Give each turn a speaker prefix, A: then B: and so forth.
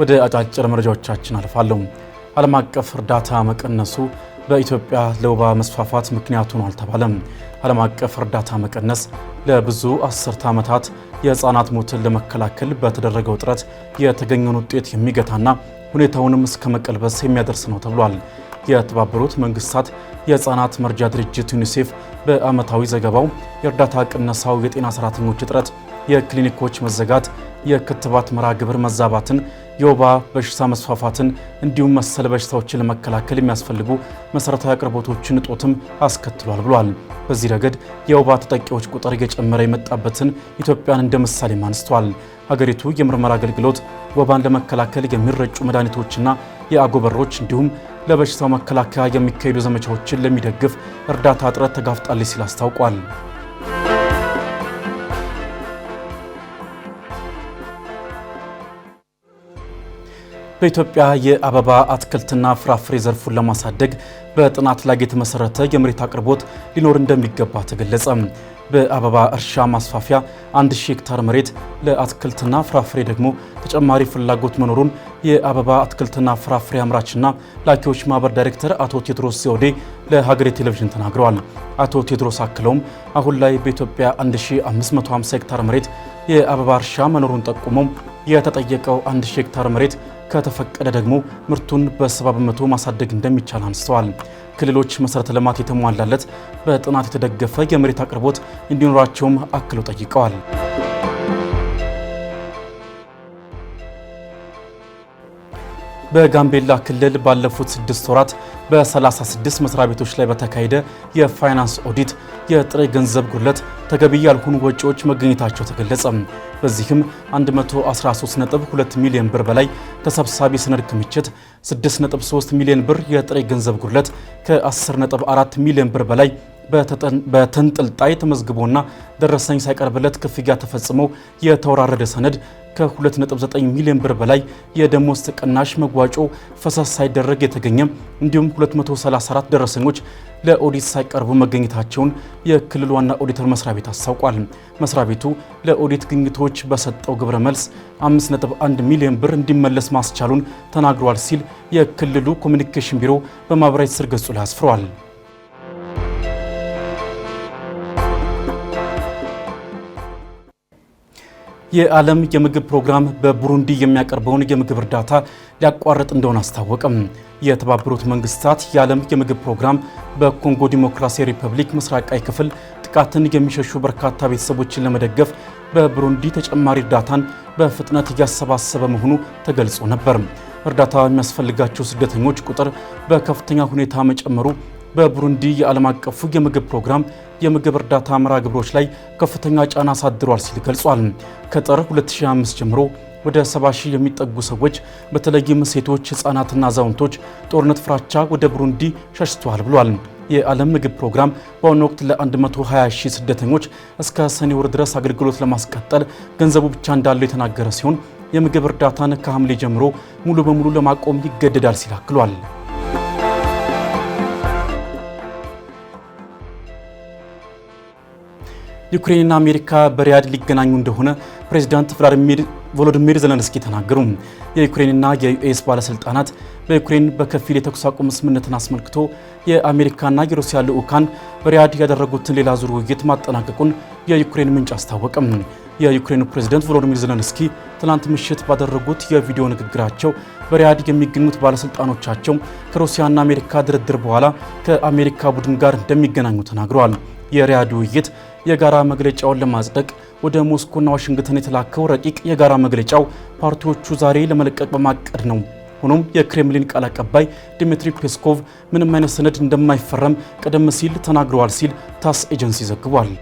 A: ወደ አጫጭር መረጃዎቻችን አልፋለሁ። ዓለም አቀፍ እርዳታ መቀነሱ በኢትዮጵያ ለወባ መስፋፋት ምክንያቱ ነው አልተባለም። ዓለም አቀፍ እርዳታ መቀነስ ለብዙ አስርተ ዓመታት የሕፃናት ሞትን ለመከላከል በተደረገው ጥረት የተገኘውን ውጤት የሚገታና ሁኔታውንም እስከ መቀልበስ የሚያደርስ ነው ተብሏል። የተባበሩት መንግስታት የሕፃናት መርጃ ድርጅት ዩኒሴፍ በዓመታዊ ዘገባው የእርዳታ ቅነሳው የጤና ሰራተኞች እጥረት፣ የክሊኒኮች መዘጋት የክትባት መርሃ ግብር መዛባትን፣ የወባ በሽታ መስፋፋትን እንዲሁም መሰል በሽታዎችን ለመከላከል የሚያስፈልጉ መሠረታዊ አቅርቦቶችን እጦትም አስከትሏል ብሏል። በዚህ ረገድ የወባ ተጠቂዎች ቁጥር እየጨመረ የመጣበትን ኢትዮጵያን እንደ ምሳሌም አንስቷል። ሀገሪቱ የምርመራ አገልግሎት ወባን ለመከላከል የሚረጩ መድኃኒቶችና የአጎበሮች እንዲሁም ለበሽታው መከላከያ የሚካሄዱ ዘመቻዎችን ለሚደግፍ እርዳታ እጥረት ተጋፍጣለች ሲል አስታውቋል። በኢትዮጵያ የአበባ አትክልትና ፍራፍሬ ዘርፉን ለማሳደግ በጥናት ላይ የተመሰረተ የመሬት አቅርቦት ሊኖር እንደሚገባ ተገለጸ። በአበባ እርሻ ማስፋፊያ 1 ሺህ ሄክታር መሬት ለአትክልትና ፍራፍሬ ደግሞ ተጨማሪ ፍላጎት መኖሩን የአበባ አትክልትና ፍራፍሬ አምራችና ላኪዎች ማህበር ዳይሬክተር አቶ ቴድሮስ ዘውዴ ለሀገሬ ቴሌቪዥን ተናግረዋል። አቶ ቴድሮስ አክለውም አሁን ላይ በኢትዮጵያ 1550 ሄክታር መሬት የአበባ እርሻ መኖሩን ጠቁሞም የተጠየቀው 1 ሄክታር መሬት ከተፈቀደ ደግሞ ምርቱን በ በመቶ ማሳደግ እንደሚቻል አንስተዋል። ክልሎች መሰረተ ልማት የተሟላለት በጥናት የተደገፈ የመሬት አቅርቦት እንዲኖራቸውም አክለው ጠይቀዋል። በጋምቤላ ክልል ባለፉት ስድስት ወራት በ36 መስሪያ ቤቶች ላይ በተካሄደ የፋይናንስ ኦዲት የጥሬ ገንዘብ ጉድለት፣ ተገቢ ያልሆኑ ወጪዎች መገኘታቸው ተገለጸ። በዚህም 113.2 ሚሊዮን ብር በላይ ተሰብሳቢ ሰነድ ክምችት፣ 6.3 ሚሊዮን ብር የጥሬ ገንዘብ ጉድለት፣ ከ10.4 ሚሊዮን ብር በላይ በተንጠልጣይ ተመዝግቦና ደረሰኝ ሳይቀርብለት ክፍያ ተፈጽሞ የተወራረደ ሰነድ ከ2.9 ሚሊዮን ብር በላይ የደሞዝ ተቀናሽ መጓጮ ፈሰስ ሳይደረግ የተገኘ እንዲሁም 234 ደረሰኞች ለኦዲት ሳይቀርቡ መገኘታቸውን የክልል ዋና ኦዲተር መስሪያ ቤት አስታውቋል። መስሪያ ቤቱ ለኦዲት ግኝቶች በሰጠው ግብረ መልስ 5.1 ሚሊዮን ብር እንዲመለስ ማስቻሉን ተናግሯል ሲል የክልሉ ኮሚኒኬሽን ቢሮ በማህበራዊ ትስስር ገጹ ላይ አስፍሯል። የዓለም የምግብ ፕሮግራም በቡሩንዲ የሚያቀርበውን የምግብ እርዳታ ሊያቋርጥ እንደሆነ አስታወቅም የተባበሩት መንግስታት የዓለም የምግብ ፕሮግራም በኮንጎ ዲሞክራሲያዊ ሪፐብሊክ ምስራቃዊ ክፍል ጥቃትን የሚሸሹ በርካታ ቤተሰቦችን ለመደገፍ በቡሩንዲ ተጨማሪ እርዳታን በፍጥነት እያሰባሰበ መሆኑ ተገልጾ ነበር። እርዳታ የሚያስፈልጋቸው ስደተኞች ቁጥር በከፍተኛ ሁኔታ መጨመሩ በቡሩንዲ የዓለም አቀፉ የምግብ ፕሮግራም የምግብ እርዳታ መርሃ ግብሮች ላይ ከፍተኛ ጫና አሳድሯል ሲል ገልጿል። ከጥር 2005 ጀምሮ ወደ 70 ሺህ የሚጠጉ ሰዎች በተለይም ሴቶች፣ ሕፃናትና አዛውንቶች ጦርነት ፍራቻ ወደ ብሩንዲ ሸሽተዋል ብሏል። የዓለም ምግብ ፕሮግራም በአሁኑ ወቅት ለ120 ሺህ ስደተኞች እስከ ሰኔ ወር ድረስ አገልግሎት ለማስቀጠል ገንዘቡ ብቻ እንዳለው የተናገረ ሲሆን የምግብ እርዳታን ከሐምሌ ጀምሮ ሙሉ በሙሉ ለማቆም ይገደዳል ሲል አክሏል። ዩክሬንና አሜሪካ በሪያድ ሊገናኙ እንደሆነ ፕሬዚዳንት ቭላዲሚር ቮሎዲሚር ዘለንስኪ ተናገሩ። የዩክሬንና የዩኤስ ባለስልጣናት በዩክሬን በከፊል የተኩስ አቁም ስምምነትን አስመልክቶ የአሜሪካና የሩሲያ ልዑካን በሪያድ ያደረጉትን ሌላ ዙር ውይይት ማጠናቀቁን የዩክሬን ምንጭ አስታወቀም። የዩክሬኑ ፕሬዚደንት ቮሎዲሚር ዘለንስኪ ትናንት ምሽት ባደረጉት የቪዲዮ ንግግራቸው በሪያድ የሚገኙት ባለስልጣኖቻቸው ከሩሲያና አሜሪካ ድርድር በኋላ ከአሜሪካ ቡድን ጋር እንደሚገናኙ ተናግረዋል። የሪያድ ውይይት የጋራ መግለጫውን ለማጽደቅ ወደ ሞስኮና ዋሽንግተን የተላከው ረቂቅ የጋራ መግለጫው ፓርቲዎቹ ዛሬ ለመለቀቅ በማቀድ ነው። ሆኖም የክሬምሊን ቃል አቀባይ ዲሚትሪ ፔስኮቭ ምንም አይነት ሰነድ እንደማይፈረም ቀደም ሲል ተናግረዋል ሲል ታስ ኤጀንሲ ዘግቧል።